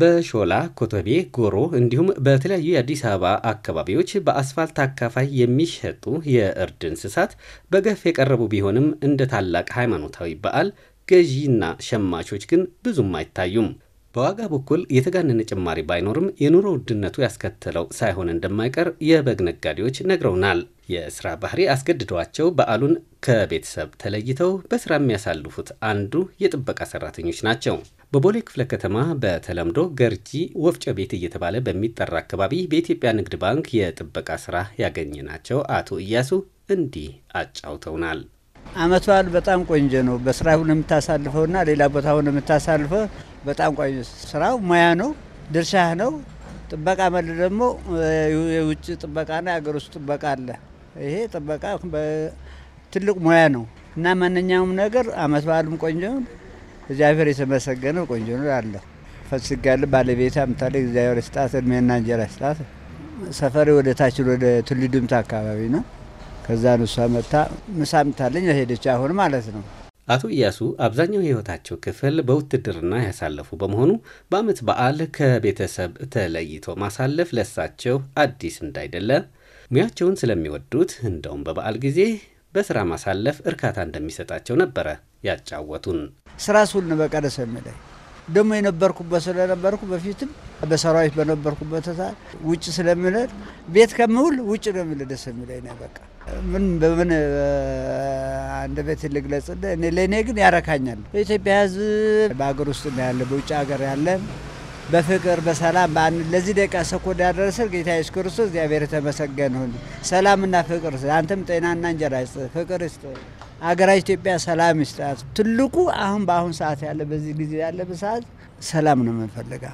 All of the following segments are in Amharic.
በሾላ ኮቶቤ፣ ጎሮ እንዲሁም በተለያዩ የአዲስ አበባ አካባቢዎች በአስፋልት አካፋይ የሚሸጡ የእርድ እንስሳት በገፍ የቀረቡ ቢሆንም እንደ ታላቅ ሃይማኖታዊ በዓል ገዢና ሸማቾች ግን ብዙም አይታዩም። በዋጋ በኩል የተጋነነ ጭማሪ ባይኖርም የኑሮ ውድነቱ ያስከተለው ሳይሆን እንደማይቀር የበግ ነጋዴዎች ነግረውናል። የስራ ባህሪ አስገድዷቸው በዓሉን ከቤተሰብ ተለይተው በስራ የሚያሳልፉት አንዱ የጥበቃ ሰራተኞች ናቸው። በቦሌ ክፍለ ከተማ በተለምዶ ገርጂ ወፍጮ ቤት እየተባለ በሚጠራ አካባቢ በኢትዮጵያ ንግድ ባንክ የጥበቃ ስራ ያገኘናቸው አቶ እያሱ እንዲህ አጫውተውናል። አመት በዓል በጣም ቆንጆ ነው። በስራ ሁን የምታሳልፈው ና ሌላ ቦታ ሁን የምታሳልፈው በጣም ቆንጆ ስራው ሙያ ነው፣ ድርሻህ ነው። ጥበቃ መል ደግሞ የውጭ ጥበቃ ና የሀገር ውስጥ ጥበቃ አለ። ይሄ ጥበቃ ትልቅ ሙያ ነው እና ማንኛውም ነገር አመት በዓልም ቆንጆ እግዚአብሔር የተመሰገነ ቆንጆ ነው አለሁ ፈስጋለ ባለቤት ምታለ እግዚአብሔር ስጣት እድሜና እንጀራ ስጣት። ሰፈሬ ወደ ታችን ወደ ትልዱምታ አካባቢ ነው። ከዛ ንሷ መታ ምሳምታለኝ ሄደች። አሁን ማለት ነው። አቶ እያሱ አብዛኛው የህይወታቸው ክፍል በውትድርና ያሳለፉ በመሆኑ በአመት በዓል ከቤተሰብ ተለይቶ ማሳለፍ ለሳቸው አዲስ እንዳይደለ ሙያቸውን ስለሚወዱት እንደውም በበዓል ጊዜ በስራ ማሳለፍ እርካታ እንደሚሰጣቸው ነበረ ያጫወቱን። ስራ ሱል በቀደ ሰምላይ ደግሞ የነበርኩበት ስለነበርኩ በፊትም በሰራዊት በነበርኩበት ውጭ ስለምለድ ቤት ከምውል ውጭ ነው የምልህ ደስ የሚለኝ ምን በምን አንድ አንደበት ልግለጽልህ? ለእኔ ግን ያረካኛል። በኢትዮጵያ ሕዝብ በሀገር ውስጥ ነው ያለ በውጭ ሀገር ያለ በፍቅር በሰላም በአንድ ለዚህ ደቂቃ ሰኮ ያደረሰን ጌታ ኢየሱስ ክርስቶስ እግዚአብሔር የተመሰገነ ይሁን። ሰላምና ፍቅር አንተም ጤናና እንጀራ ይስጥ፣ ፍቅር ይስጥ፣ ሀገራ ኢትዮጵያ ሰላም ይስጣት። ትልቁ አሁን በአሁን ሰዓት ያለ በዚህ ጊዜ ያለብን ሰዓት ሰላም ነው የምንፈልጋ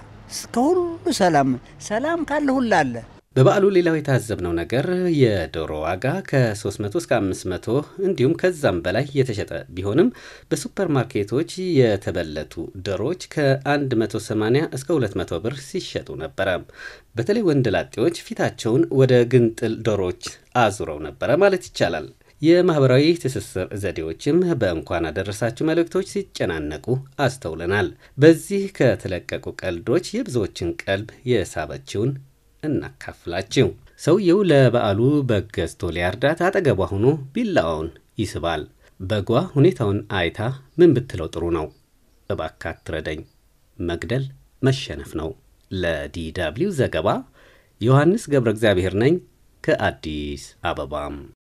ከሁሉ ሰላም ሰላም ካለ ሁላ አለ። በበዓሉ ሌላው የታዘብነው ነገር የዶሮ ዋጋ ከ300 እስከ 500 እንዲሁም ከዛም በላይ የተሸጠ ቢሆንም በሱፐርማርኬቶች የተበለቱ ዶሮዎች ከ180 እስከ 200 ብር ሲሸጡ ነበረ። በተለይ ወንደላጤዎች ፊታቸውን ወደ ግንጥል ዶሮዎች አዙረው ነበረ ማለት ይቻላል። የማህበራዊ ትስስር ዘዴዎችም በእንኳን አደረሳችሁ መልእክቶች ሲጨናነቁ አስተውለናል። በዚህ ከተለቀቁ ቀልዶች የብዙዎችን ቀልብ የሳበችውን እናካፍላችሁ። ሰውየው ለበዓሉ በግ ገዝቶ ሊያርዳት አጠገቧ ሆኖ ቢላዋውን ይስባል። በጓ ሁኔታውን አይታ ምን ብትለው ጥሩ ነው? እባክህ አትረደኝ፣ መግደል መሸነፍ ነው። ለዲ ደብልዩ ዘገባ ዮሐንስ ገብረ እግዚአብሔር ነኝ ከአዲስ አበባም